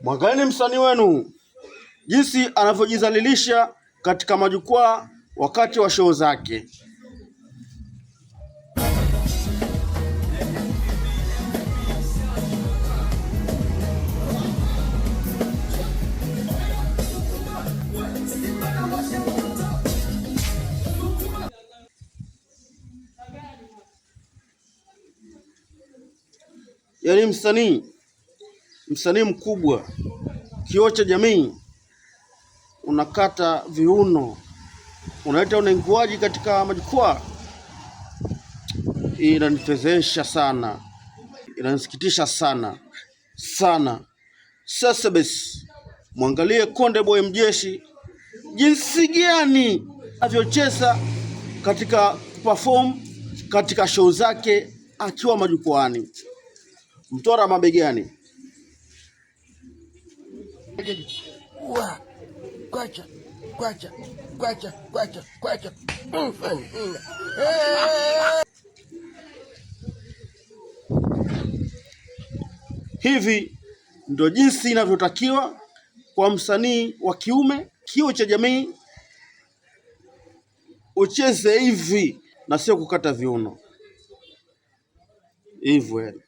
Mwangalieni msanii wenu jinsi anavyojizalilisha katika majukwaa wakati wa show zake. Yaani msanii msanii mkubwa, kioo cha jamii, unakata viuno, unaleta unenguaji katika majukwaa. Inanipezesha sana, inanisikitisha sana sana. Sasa basi, mwangalie Konde Boy Mjeshi jinsi gani avyocheza katika perform katika show zake akiwa majukwaani, mtwara mabegani. Wa. Kwacha. Kwacha. Kwacha. Kwacha. Kwacha. Hivi ndio jinsi inavyotakiwa kwa msanii wa kiume, kio cha jamii. Ucheze hivi na sio kukata viuno hivyo.